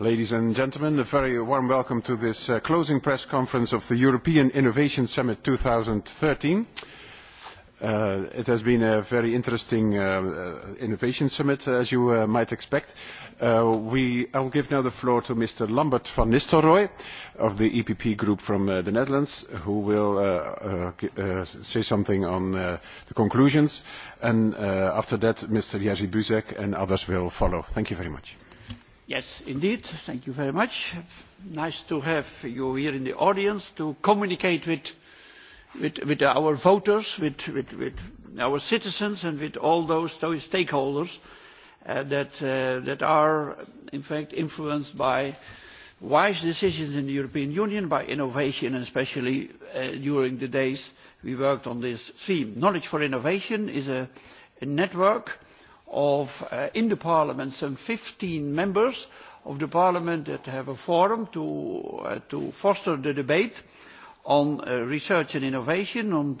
Ladies and gentlemen, a very warm welcome to this closing press conference of the European Innovation Summit 2013. It has been a very interesting innovation summit, as you might expect. will give now the floor to Mr. Lambert van Nistelrooy of the EPP Group from the Netherlands, who will say something on the conclusions. And after that, Mr. Jerzy Buzek and others will follow. Thank you very much. Yes, indeed. Thank you very much. Nice to have you here in the audience to communicate with our voters, with with our citizens and with all those stakeholders that are in fact influenced by wise decisions in the European Union, by innovation and especially during the days we worked on this theme. Knowledge for Innovation is a network of in the Parliament some 15 members of the Parliament that have a forum to foster the debate on research and innovation, on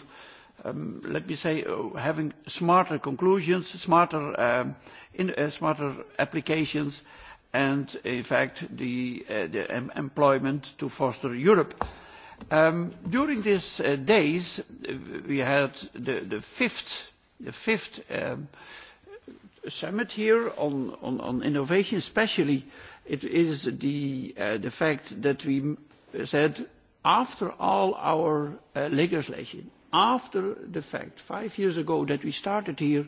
let me say having smarter conclusions, smarter applications and in fact the employment to foster Europe. During these days we had the fifth summit here on innovation especially it is the fact that we said after all our legislation after the fact five years ago that we started here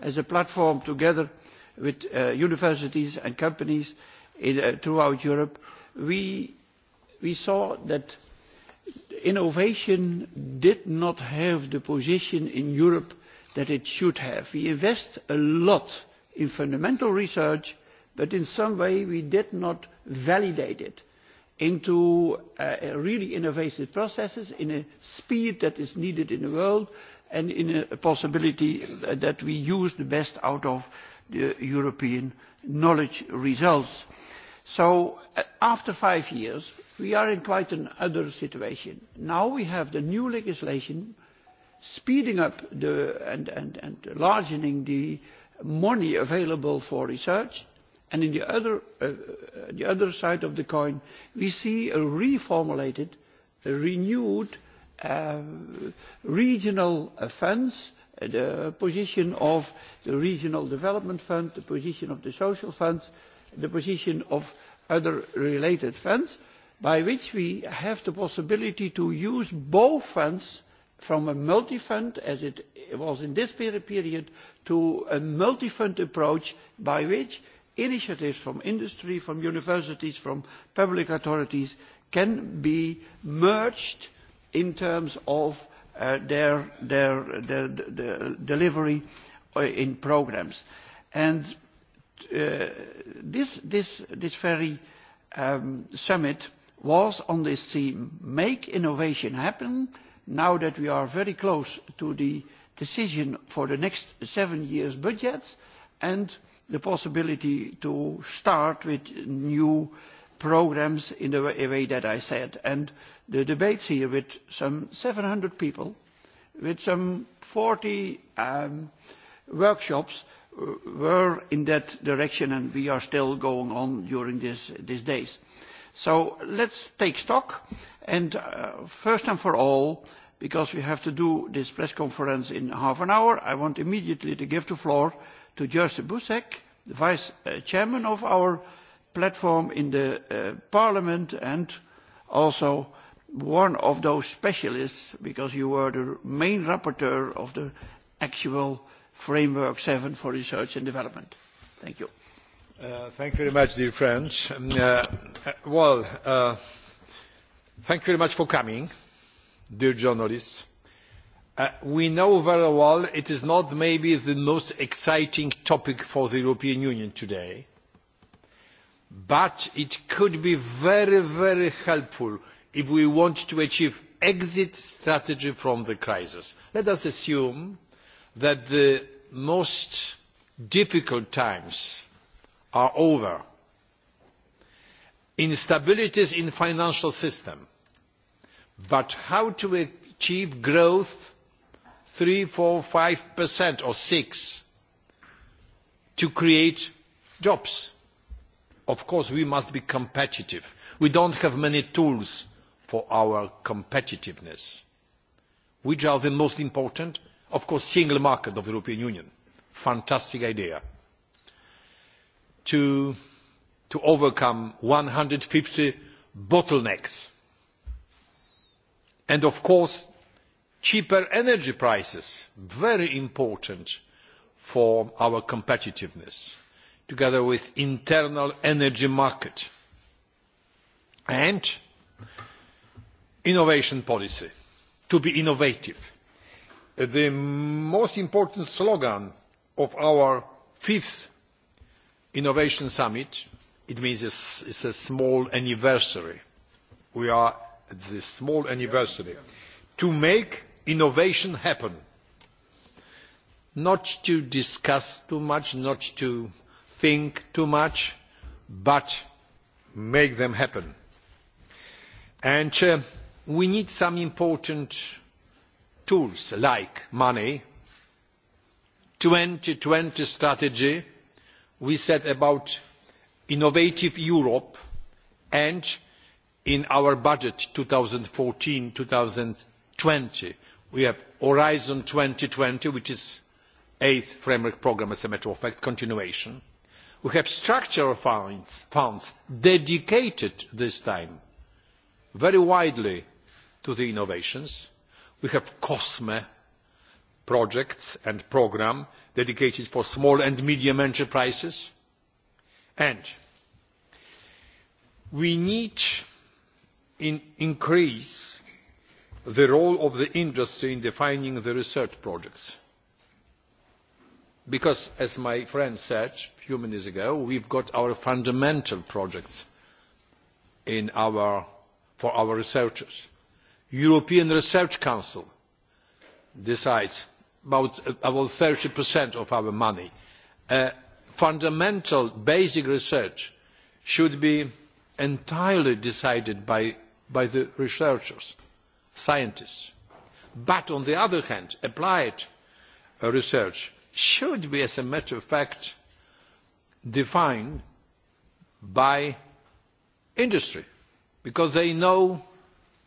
as a platform together with universities and companies throughout Europe we saw that innovation did not have the position in Europe that it should have. We invest a lot in fundamental research, but in some way we did not validate it into really innovative processes in a speed that is needed in the world and in a possibility that we use the best out of the European knowledge results. So after five years, we are in quite another situation. Now we have the new legislation speeding up and largening the money available for research and on the other side of the coin we see a reformulated renewed regional funds the position of the regional development fund the position of the social fund the position of other related funds by which we have the possibility to use both funds from a multi fund as it was in this period to a multi fund approach by which initiatives from industry from universities from public authorities can be merged in terms of their delivery in programmes. and this very summit was on this theme make innovation happen now that we are very close to the decision for the next seven years' budget and the possibility to start with new programmes in the way that I said. And the debates here with some 700 people, with some 40 workshops, were in that direction and we are still going on during these days. So let's take stock and first and for all, because we have to do this press conference in half an hour, I want immediately to give the floor to Jerzy Buzek, the Vice Chairman of our platform in the Parliament and also one of those specialists, because you were the main rapporteur of the actual Framework 7 for Research and Development. Thank you. Thank you very much, dear friends. Well, thank you very much for coming, dear journalists. We know very well it is not maybe the most exciting topic for the European Union today, but it could be very, very helpful if we want to achieve exit strategy from the crisis. Let us assume that the most difficult times are over. Instabilities in the financial system. But how to achieve growth four, five percent or six, to create jobs? Of course, we must be competitive. We don't have many tools for our competitiveness. Which are the most important? Of course, single market of the European Union. Fantastic idea to overcome 150 bottlenecks. And of course, cheaper energy prices, very important for our competitiveness, together with internal energy market and innovation policy, to be innovative. The most important slogan of our fifth Innovation Summit, it means is a small anniversary. We are at this small anniversary. To make innovation happen. Not to discuss too much, not to think too much, but to make them happen. And we need some important tools like money, 2020 strategy, we said about innovative Europe and in our budget 2014-2020 we have Horizon 2020 which is the eighth framework programme as a matter of fact continuation. We have structural funds dedicated this time very widely to the innovations. We have COSME projects and programme dedicated for small and medium enterprises and we need to increase the role of the industry in defining the research projects because as my friend said a few minutes ago we have got our fundamental projects for our researchers. the european research council decides about about 30% of our money. Fundamental basic research should be entirely decided by the researchers, scientists. But on the other hand, applied research should be, as a matter of fact, defined by industry, because they know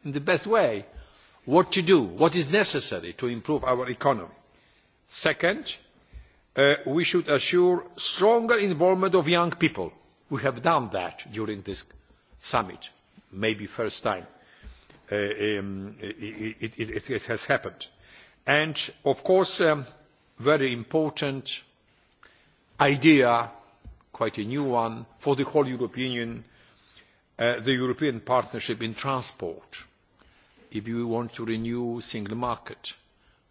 in the best way what to do, what is necessary to improve our economy. Second, we should assure stronger involvement of young people. We have done that during this summit, maybe the first time it has happened. And, of course, a very important idea, quite a new one, for the whole European Union, the European partnership in transport. If you want to renew the single market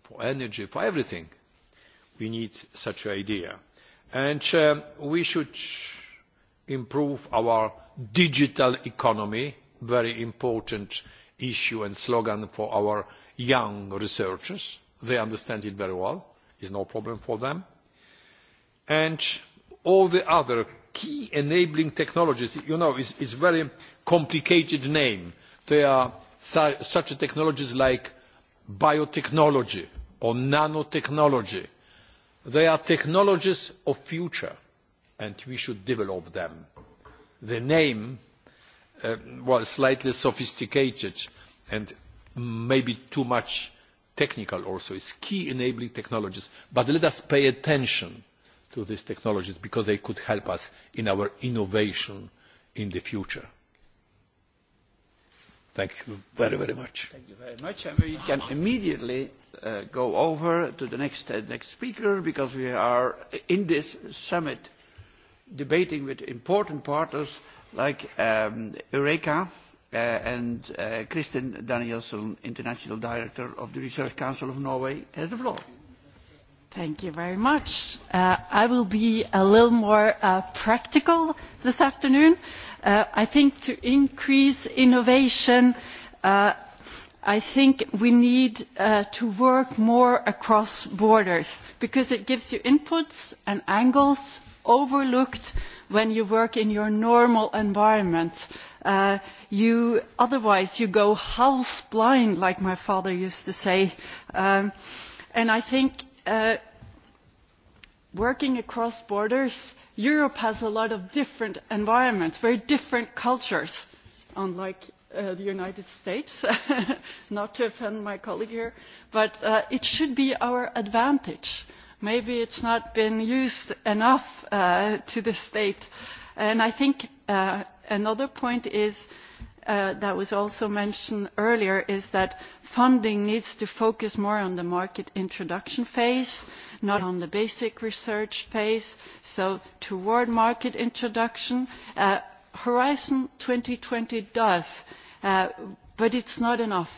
for energy, for everything we need such an idea. And we should improve our digital economy, very important issue and slogan for our young researchers. They understand it very well. It's no problem for them. And all the other key enabling technologies, you know, is a very complicated name. There are such technologies like biotechnology or nanotechnology They are technologies of the future and we should develop them. The name was slightly sophisticated and maybe too much technical also. is key enabling technologies. But let us pay attention to these technologies because they could help us in our innovation in the future. Thank you very, very much. Thank you very much. And we can immediately go over to the next, next speaker because we are in this summit debating with important partners like um, Eureka and Kristin Danielson, International Director of the Research Council of Norway, has the floor. Thank you very much. I will be a little more practical this afternoon. I think to increase innovation, I think we need to work more across borders because it gives you inputs and angles overlooked when you work in your normal environment. You Otherwise you go house blind, like my father used to say. And I think working across borders, Europe has a lot of different environments, very different cultures, unlike the United States, not to offend my colleague here, but it should be our advantage. Maybe it's not been used enough to the state. And I think another point is that was also mentioned earlier is that funding needs to focus more on the market introduction phase, not on the basic research phase, so toward market introduction. Horizon 2020 does, but it's not enough.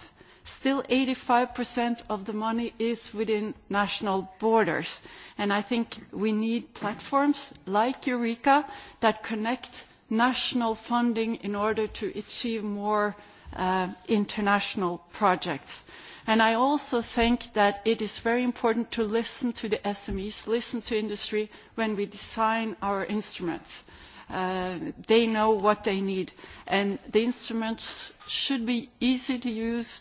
Still 85% of the money is within national borders, and I think we need platforms like Eureka that connect national funding in order to achieve more international projects. I also think that it is very important to listen to the SMEs, listen to industry when we design our instruments. They know what they need, and the instruments should be easy to use.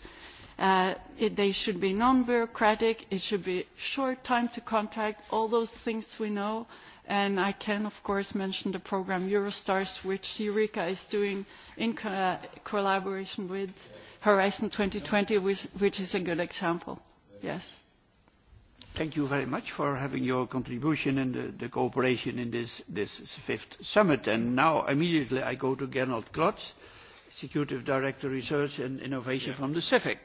They should be non-bureaucratic. It should be short time to contact, all those things we know And I can, of course, mention the program Eurostars, which Eureka is doing in collaboration with Horizon 2020, which is a good example. Yes. Thank you very much for having your contribution and the cooperation in this fifth summit. And now immediately I go to Gernot Klotz, Executive Director, Research and Innovation from the CIFIC.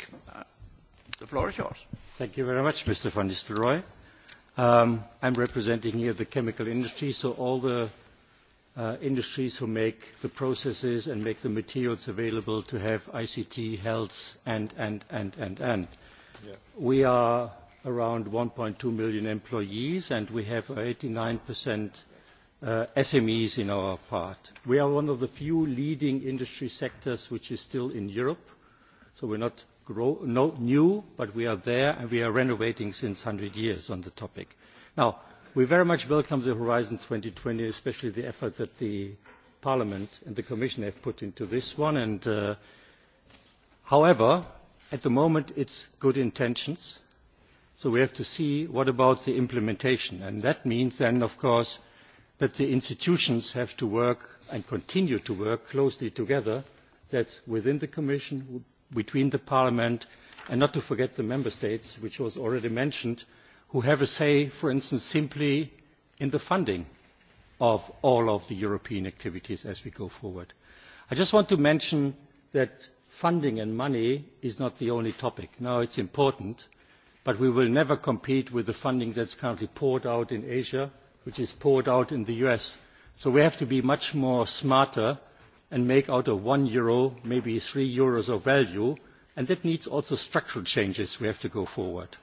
The floor is yours. Thank you very much, Mr. van Nistelrooy. I'm representing here the chemical industry, so all the industries who make the processes and make the materials available to have ICT, health, and, and, and, and, and. We are around 1.2 million employees, and we have 89% SMEs in our part. We are one of the few leading industry sectors which is still in Europe, so we're not no new, but we are there and we are renovating since hundred years on the topic. Now, we very much welcome the Horizon 2020, especially the efforts that the Parliament and the Commission have put into this one. And, however, at the moment it's good intentions, so we have to see what about the implementation. And that means then, of course, that the institutions have to work and continue to work closely together. That's within the Commission between Parliament and not to forget the Member States, which was already mentioned, who have a say, for instance, simply in the funding of all of the European activities as we go forward. I just want to mention that funding and money is not the only topic. Now is important, but we will never compete with the funding that is currently poured out in Asia, which is poured out in the US. So we have to be much more smarter and make out of one euro maybe three euros of value and that needs also structural changes we have to go forward.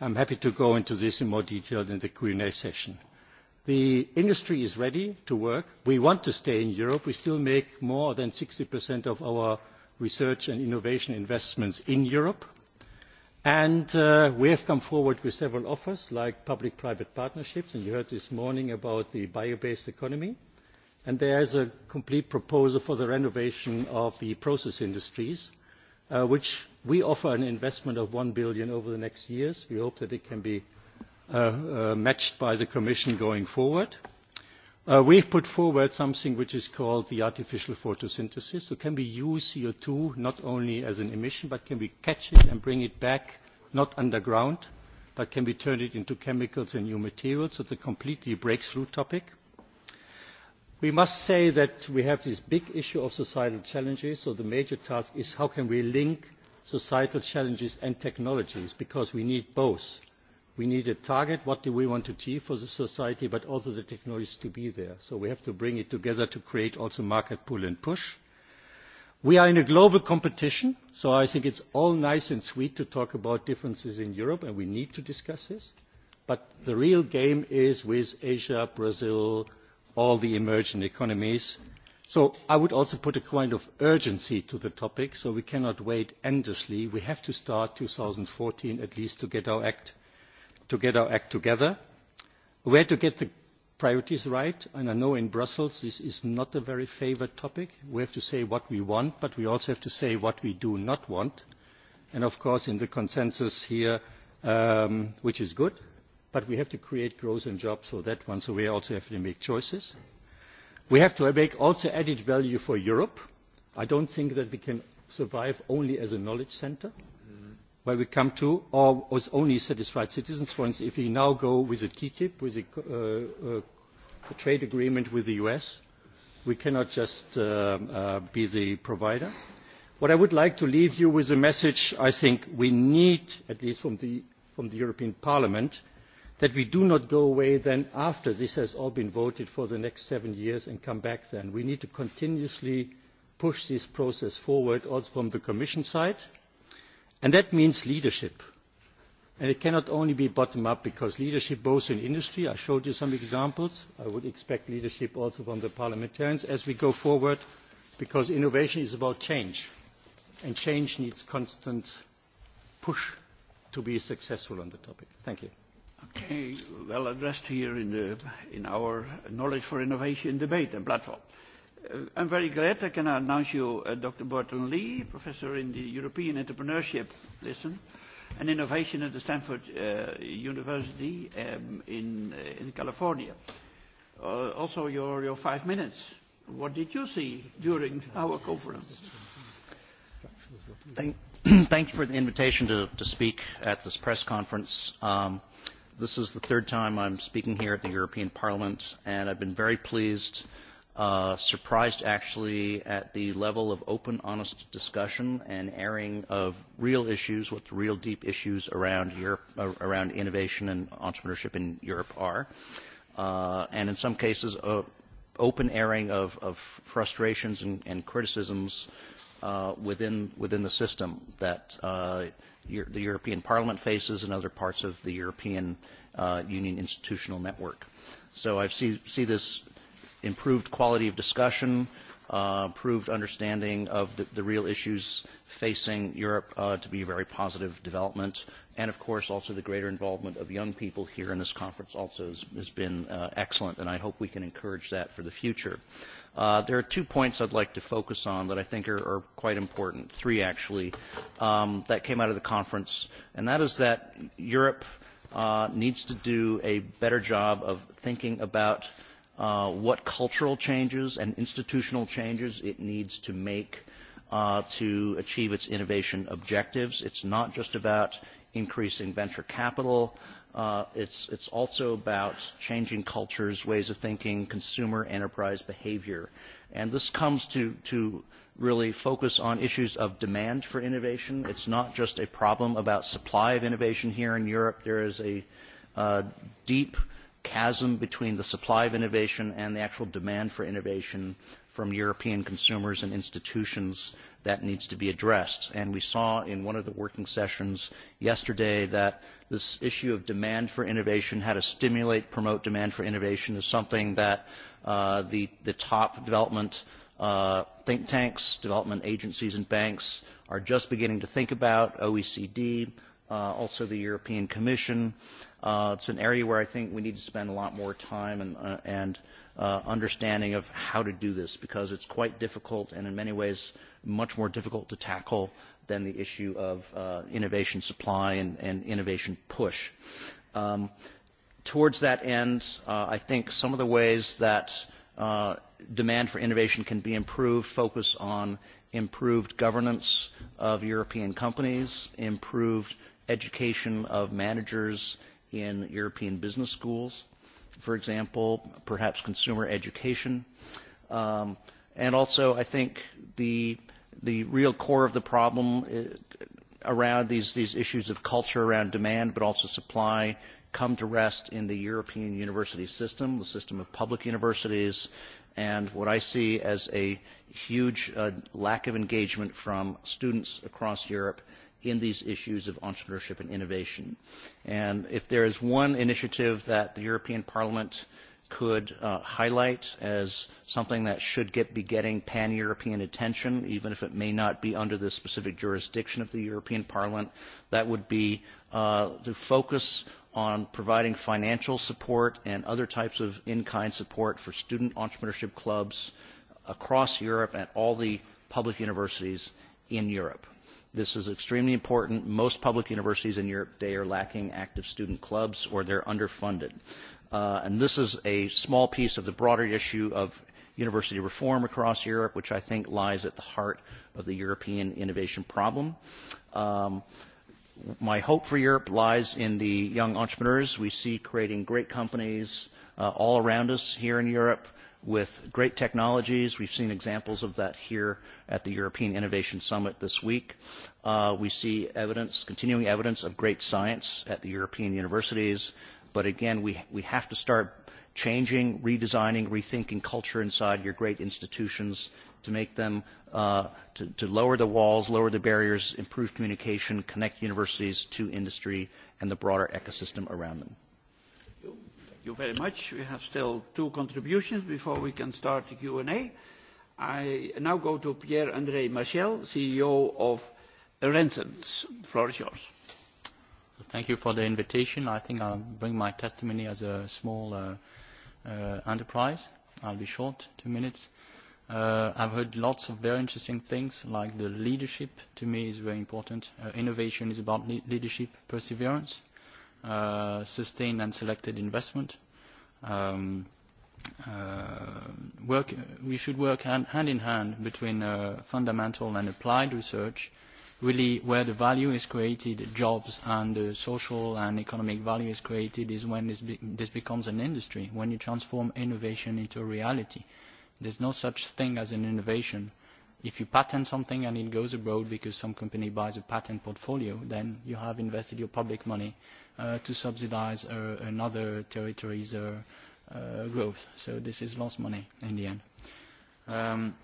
am happy to go into this in more detail in the Q&A session. The industry is ready to work. We want to stay in Europe. We still make more than 60% of our research and innovation investments in Europe. And we have come forward with several offers like public-private partnerships, and you heard this morning about the bio-based economy and there is a complete proposal for the renovation of the process industries, which we offer an investment of 1 billion over the next years. We hope that it can be matched by the Commission going forward. We have put forward something which is called the artificial photosynthesis. So can we use CO2 not only as an emission, but can we catch it and bring it back, not underground, but can we turn it into chemicals and new materials? It's a completely breakthrough topic. We must say that we have this big issue of societal challenges, so the major task is how can we link societal challenges and technologies, because we need both. We need a target, what do we want to achieve for the society, but also the technologies to be there. So we have to bring it together to create also market pull and push. We are in a global competition, so I think it's all nice and sweet to talk about differences in Europe, and we need to discuss this. But the real game is with Asia, Brazil all the emerging economies. So I would also put a kind of urgency to the topic, so we cannot wait endlessly. We have to start 2014 at least to get our act together. Where to get the priorities right, and I know in Brussels this is not a very favoured topic. We have to say what we want, but we also have to say what we do not want. And of course in the consensus here, which is good, but we have to create growth and jobs for that one, so we also have to make choices. We have to make also added value for Europe. I don't think that we can survive only as a knowledge centre where we come to, or as only satisfied citizens. For instance, if we now go with a TTIP, with a trade agreement with the US, we cannot just be the provider. What I would like to leave you with a message I think we need, at least from the European Parliament, that we do not go away then after this has all been voted for the next seven years and come back then. We need to continuously push this process forward also from the Commission side. And that means leadership. And it cannot only be bottom up because leadership both in industry, I showed you some examples, I would expect leadership also from the parliamentarians as we go forward because innovation is about change and change needs constant push to be successful on the topic. Thank you. Okay, well addressed here in the in our knowledge for innovation debate and platform. I'm very glad I can announce you Dr. Burton Lee, professor in the European Entrepreneurship, listen, and Innovation at the Stanford University in in California. Also your your five minutes. What did you see during our conference? Thank you for the invitation to to speak at this press conference. This is the third time I'm speaking here at the European Parliament, and I've been very pleased, surprised actually, at the level of open, honest discussion and airing of real issues, what the real deep issues around Europe, around innovation and entrepreneurship in Europe are, and in some cases, open airing of frustrations and criticisms within the system that the European Parliament faces and other parts of the European Union institutional network. So I see this improved quality of discussion proved understanding of the real issues facing Europe to be a very positive development. And, of course, also the greater involvement of young people here in this conference also has been excellent, and I hope we can encourage that for the future. There are two points I'd like to focus on that I think are quite important, three actually, that came out of the conference, and that is that Europe needs to do a better job of thinking about what cultural changes and institutional changes it needs to make to achieve its innovation objectives. It's not just about increasing venture capital. It's it's also about changing cultures, ways of thinking, consumer enterprise behavior. And this comes to to really focus on issues of demand for innovation. It's not just a problem about supply of innovation here in Europe. There is a deep chasm between the supply of innovation and the actual demand for innovation from European consumers and institutions that needs to be addressed. And we saw in one of the working sessions yesterday that this issue of demand for innovation, how to stimulate, promote demand for innovation, is something that the top development think tanks, development agencies and banks are just beginning to think about, OECD, also the European Commission. It's an area where I think we need to spend a lot more time and and understanding of how to do this because it's quite difficult and in many ways much more difficult to tackle than the issue of innovation supply and innovation push. Um Towards that end, I think some of the ways that demand for innovation can be improved focus on improved governance of European companies, improved education of managers in European business schools, for example, perhaps consumer education. And also, I think the the real core of the problem around these these issues of culture around demand, but also supply, come to rest in the European university system, the system of public universities, and what I see as a huge lack of engagement from students across Europe in these issues of entrepreneurship and innovation. And if there is one initiative that the European Parliament could highlight as something that should get be getting pan European attention, even if it may not be under the specific jurisdiction of the European Parliament, that would be to focus on providing financial support and other types of in kind support for student entrepreneurship clubs across Europe and all the public universities in Europe This is extremely important. Most public universities in Europe today are lacking active student clubs or they're underfunded. And this is a small piece of the broader issue of university reform across Europe, which I think lies at the heart of the European innovation problem. My hope for Europe lies in the young entrepreneurs we see creating great companies all around us here in Europe with great technologies. We've seen examples of that here at the European Innovation Summit this week. We see evidence, continuing evidence of great science at the European universities. But again, we have to start changing, redesigning, rethinking culture inside your great institutions to make them, to lower the walls, lower the barriers, improve communication, connect universities to industry and the broader ecosystem around them you very much. We have still two contributions before we can start the Q&A. I now go to Pierre-André Machel, CEO of Rentons. The floor is yours. Thank you for the invitation. I think I'll bring my testimony as a small enterprise. I'll be short, two minutes. I've heard lots of very interesting things, like the leadership to me is very important. Innovation is about leadership, perseverance sustained and selected investment. We should work hand in hand between fundamental and applied research, really where the value is created, jobs and the social and economic value is created is when this becomes an industry, when you transform innovation into reality. There's no such thing as an innovation. If you patent something and it goes abroad because some company buys a patent portfolio, then you have invested your public money to subsidize another territory's growth. So this is lost money in the end.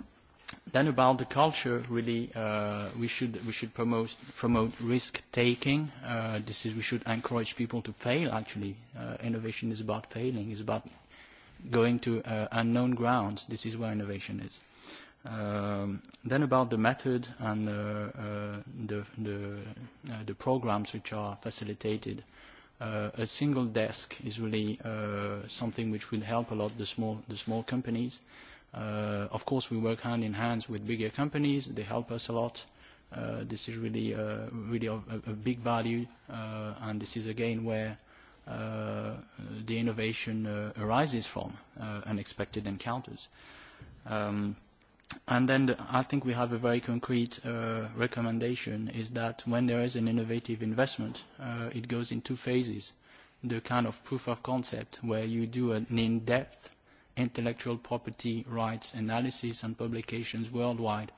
Then about the culture, really, we should we should promote promote risk taking. This is we should encourage people to fail. Actually, innovation is about failing. It's about going to unknown grounds. This is where innovation is. Then about the method and the the the programs which are facilitated a single desk is really something which will help a lot the small the small companies. Of course, we work hand in hand with bigger companies. They help us a lot. This is really really a big value, and this is again where the innovation arises from unexpected encounters. Um And then I think we have a very concrete recommendation is that when there is an innovative investment, it goes in two phases. The kind of proof of concept where you do an in-depth intellectual property rights analysis and publications worldwide.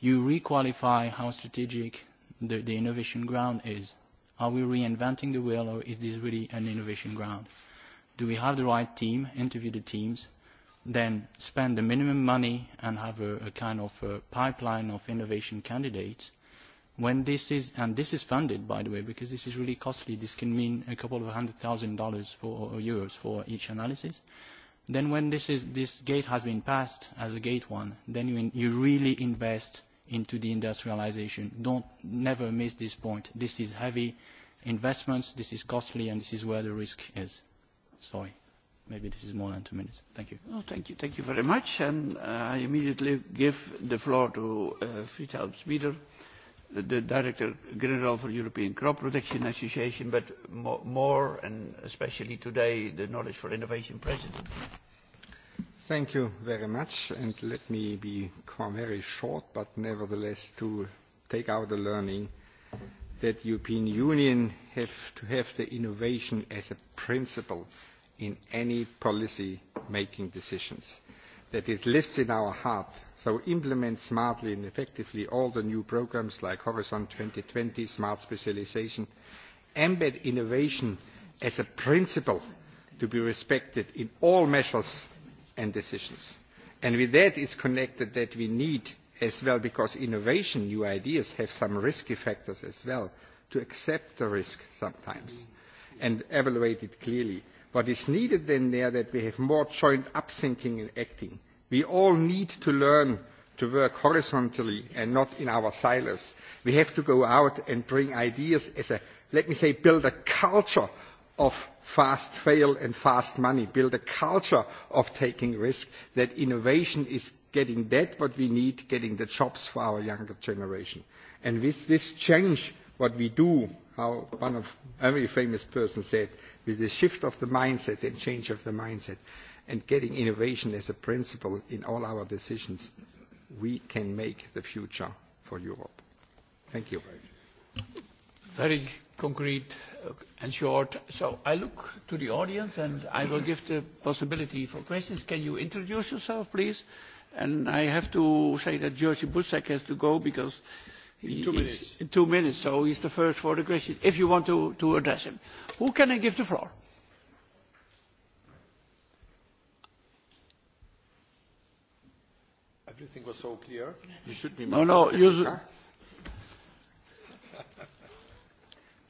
You requalify how strategic the innovation ground is. Are we reinventing the wheel or is this really an innovation ground? Do we have the right team, interview the teams? then spend the minimum money and have a kind of pipeline of innovation candidates when this is and this is funded by the way because this is really costly this can mean a couple of hundred thousand dollars for or euros for each analysis then when this is this gate has been passed as a gate one then you you really invest into the industrialization don't never miss this point this is heavy investments this is costly and this is where the risk is sorry maybe this is more than two minutes. Thank you. thank you. Thank you very much. And I immediately give the floor to uh, Friedhelm the Director General for European Crop Protection Association, but more and especially today, the Knowledge for Innovation President. Thank you very much. And let me be very short, but nevertheless to take out the learning that the European Union have to have the innovation as a principle in any policy making decisions, that it lives in our heart, so implement smartly and effectively all the new programmes like Horizon 2020, smart specialisation, embed innovation as a principle to be respected in all measures and decisions. And with that is connected that we need as well, because innovation, new ideas have some risky factors as well, to accept the risk sometimes and evaluate it clearly What is needed then there that we have more joint up-thinking and acting. We all need to learn to work horizontally and not in our silos. We have to go out and bring ideas as a, let me say, build a culture of fast fail and fast money, build a culture of taking risk, that innovation is getting that what we need, getting the jobs for our younger generation. And with this change, what we do how one of every famous person said, with the shift of the mindset and change of the mindset and getting innovation as a principle in all our decisions, we can make the future for Europe. Thank you. Very concrete and short. So I look to the audience and I will give the possibility for questions. Can you introduce yourself, please? And I have to say that Georgi Busek has to go because in Two minutes. In Two minutes, so he's the first for the question, if you want to, to address him. Who can I give the floor? Everything was so clear. You should be... No, no,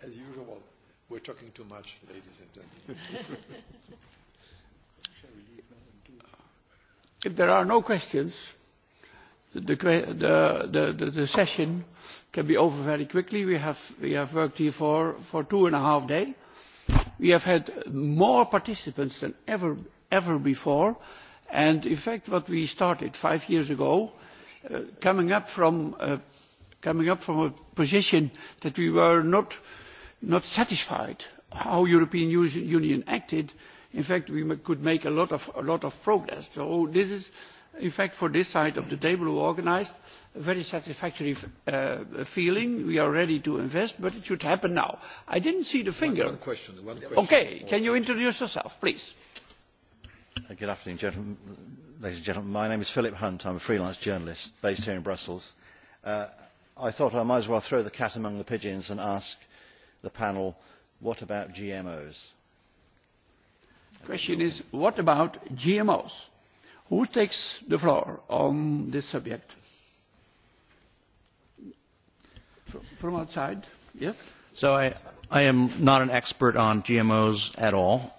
As usual, we're talking too much, ladies and gentlemen. If there are no questions... The session can be over very quickly. We have worked here for two and a half days. We have had more participants than ever before. And in fact, what we started five years ago, coming up from a position that we were not satisfied how European Union acted, in fact, we could make a lot of progress. So this is in fact for this side of the table who organised a very satisfactory feeling we are ready to invest but it should happen now. i didn't see the finger. okay can you introduce yourself please? good afternoon ladies and gentlemen my name is philip hunt I'm a freelance journalist based here in brussels. i thought i might as well throw the cat among the pigeons and ask the panel what about gmos? the question is what about gmos? Who takes the floor on this subject? From outside, yes? So I I am not an expert on GMOs at all.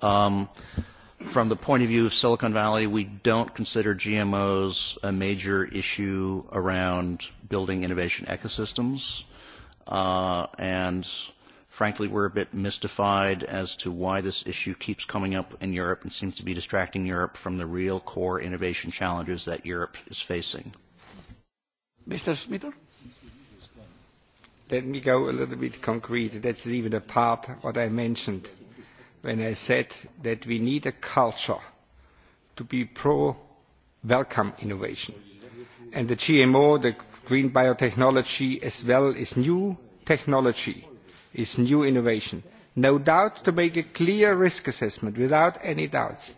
From the point of view of Silicon Valley, we don't consider GMOs a major issue around building innovation ecosystems. And frankly, we're a bit mystified as to why this issue keeps coming up in Europe and seems to be distracting Europe from the real core innovation challenges that Europe is facing. Mr. Smither? Let me go a little bit concrete. That's even a part what I mentioned when I said that we need a culture to be pro-welcome innovation. And the GMO, the green biotechnology as well, is new technology is new innovation. No doubt to make a clear risk assessment without any doubts,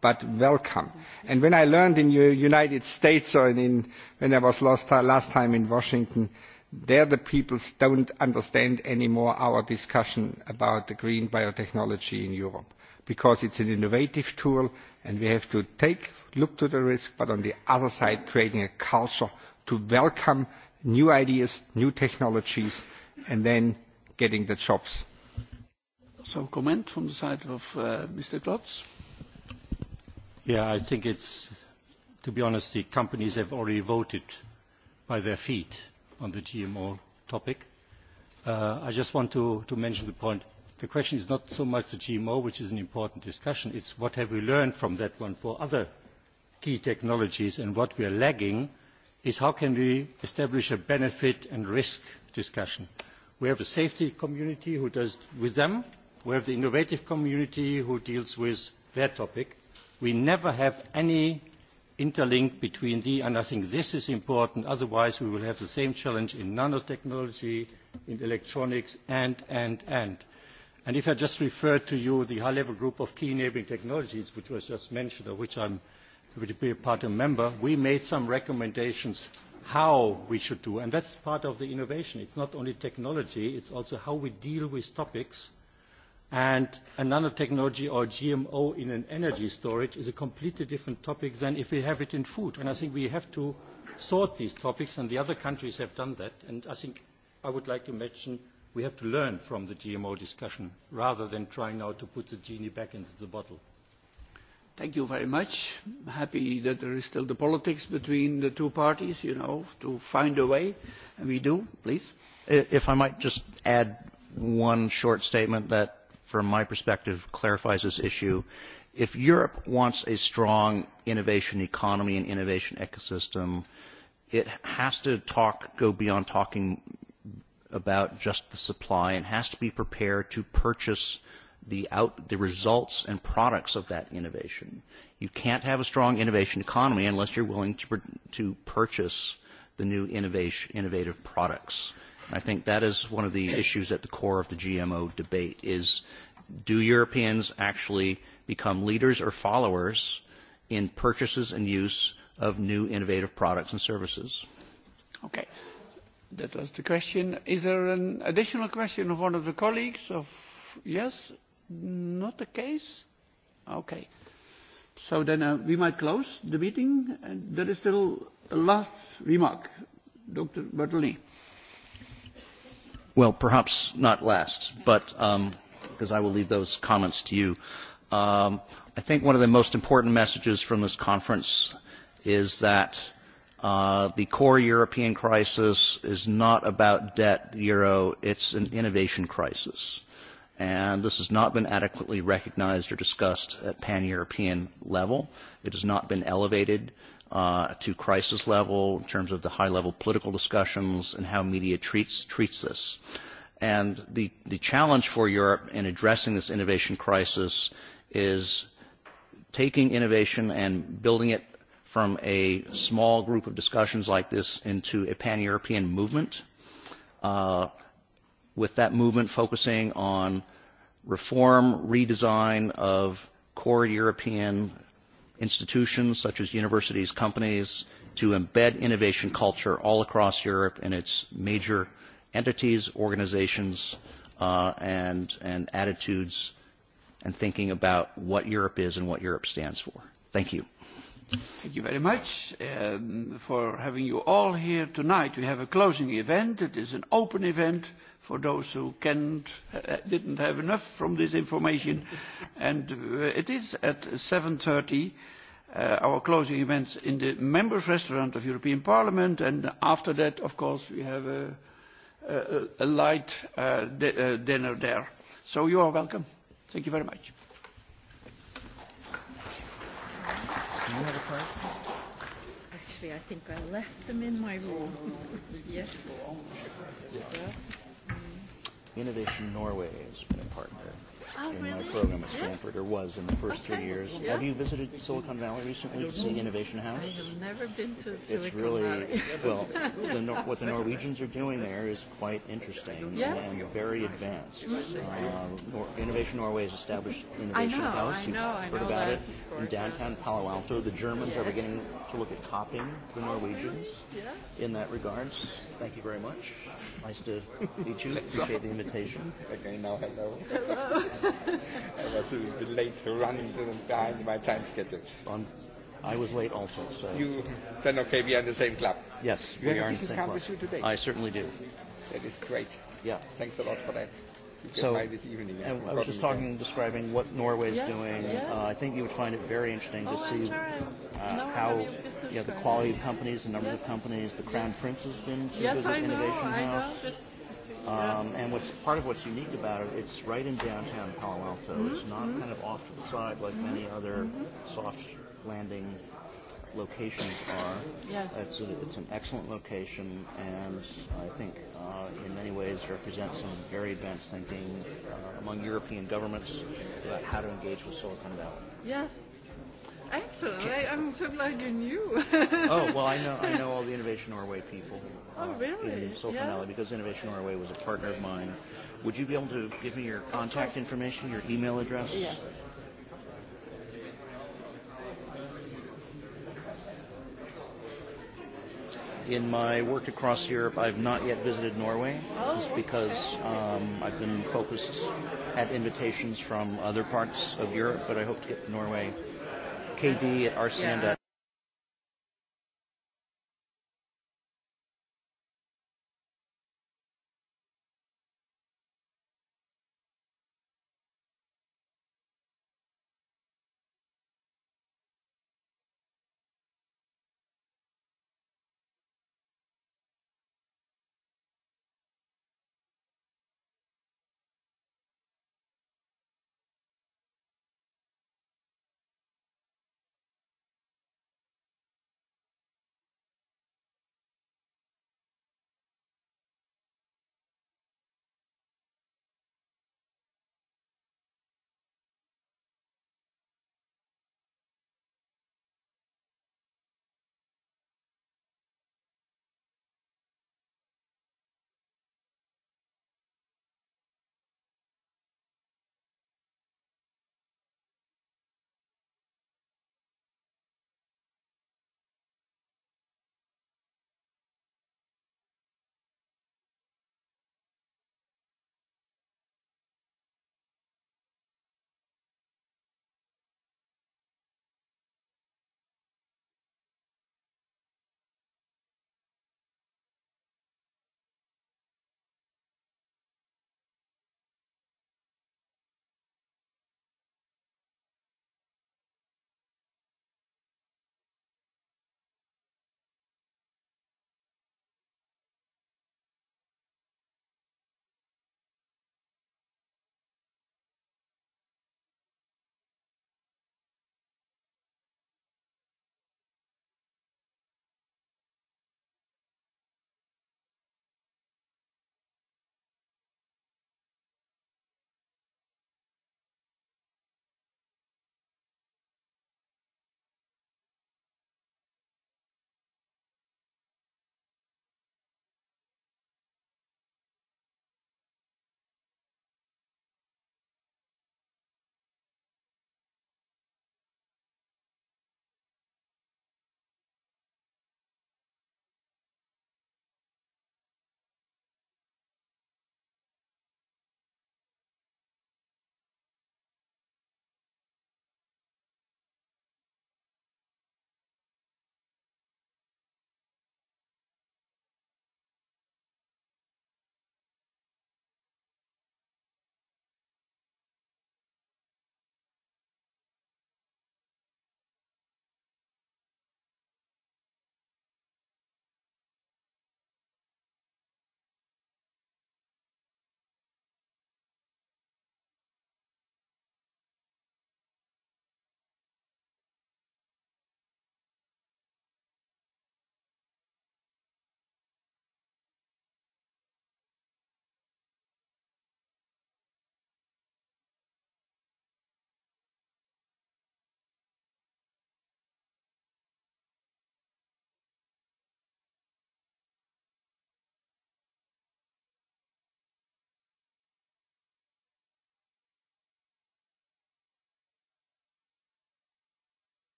but welcome. And when I learned in the United States or when I was last time in Washington, there the people not understand anymore our discussion about green biotechnology in Europe, because it is an innovative tool and we have to take look to the risk, but on the other side creating a culture to welcome new ideas, new technologies and then getting the jobs. Some comment from the side of Mr. Klotz? Yeah, I think it's, to be honest, the companies have already voted by their feet on the GMO topic. I just want to mention the point. The question is not so much the GMO, which is an important discussion, it's what have we learned from that one for other key technologies and what we are lagging is how can we establish a benefit and risk discussion. We have a safety community who does with them. We have the innovative community who deals with their topic. We never have any interlink between the, and I think this is important, otherwise we will have the same challenge in nanotechnology, in electronics, and, and, and. And if I just refer to you the high-level group of key enabling technologies, which was just mentioned, of which I'm happy to be a part of member, we made some recommendations how we should do. And that's part of the innovation. It's not only technology, it's also how we deal with topics. And a nanotechnology or GMO in an energy storage is a completely different topic than if we have it in food. And I think we have to sort these topics, and the other countries have done that. And I think I would like to mention we have to learn from the GMO discussion rather than trying now to put the genie back into the bottle. Thank you very much. happy that there is still the politics between the two parties, you know, to find a way, and we do. Please. If I might just add one short statement that, from my perspective, clarifies this issue. If Europe wants a strong innovation economy and innovation ecosystem, it has to talk, go beyond talking about just the supply and has to be prepared to purchase – the out the results and products of that innovation. You can't have a strong innovation economy unless you're willing to to purchase the new innovation innovative products. And I think that is one of the issues at the core of the GMO debate is do Europeans actually become leaders or followers in purchases and use of new innovative products and services? Okay. That was the question. Is there an additional question of one of the colleagues? Of Yes? not the case? Okay. So then we might close the meeting. there is still a last remark. Dr. Bertolini. Well, perhaps not last, but because I will leave those comments to you. I think one of the most important messages from this conference is that the core European crisis is not about debt, euro. It's an innovation crisis and this has not been adequately recognized or discussed at pan-European level. It has not been elevated to crisis level in terms of the high-level political discussions and how media treats treats this. And the the challenge for Europe in addressing this innovation crisis is taking innovation and building it from a small group of discussions like this into a pan-European movement with that movement focusing on reform, redesign of core European institutions such as universities, companies, to embed innovation culture all across Europe and its major entities, organizations, and attitudes and thinking about what Europe is and what Europe stands for. Thank you. Thank you very much for having you all here tonight. We have a closing event. It is an open event for those who didn't have enough from this information. And it is at 7.30, our closing events in the Members' Restaurant of European Parliament. And after that, of course, we have a light dinner there. So you are welcome. Thank you very much. I think I left them in my room. yes. Innovation Norway has been a partner in my program at Stanford, or was in the first three years. Have you visited Silicon Valley recently to see Innovation House? I have never been to Silicon It's really, well, the, what the Norwegians are doing there is quite interesting and very advanced. Innovation Norway has established Innovation House. You've heard about it in downtown Palo Alto. The Germans are beginning to look at topping the Norwegians in that regards. Thank you very much. Nice to meet you. Appreciate the invitation. Okay, now hello. I was a bit late running behind my time schedule. On I was late also, so. You, then okay, we are in the same club. Yes, we are in the same club. you today. I certainly do. That is great. Yeah. Thanks a lot for that. So, this evening. I was just talking, describing what Norway is doing. I think you would find it very interesting to see how you know, the quality of companies, the number of companies, the Crown Prince has been to yes, visit Innovation House. Um, and what's part of what's unique about it, it's right in downtown Palo Alto. It's not kind of off to the side like many other soft landing locations are. Yes. It's, a, it's an excellent location, and I think uh, in many ways represents some very advanced thinking among European governments about how to engage with Silicon Valley. Yes, Excellent. I, I'm so glad you knew. oh, well, I know I know all the Innovation Norway people. Oh, really? In Solfanelli, because Innovation Norway was a partner of mine. Would you be able to give me your contact information, your email address? Yes. In my work across Europe, I've not yet visited Norway, just because I've been focused at invitations from other parts of Europe, but I hope to get to Norway KD at RCN.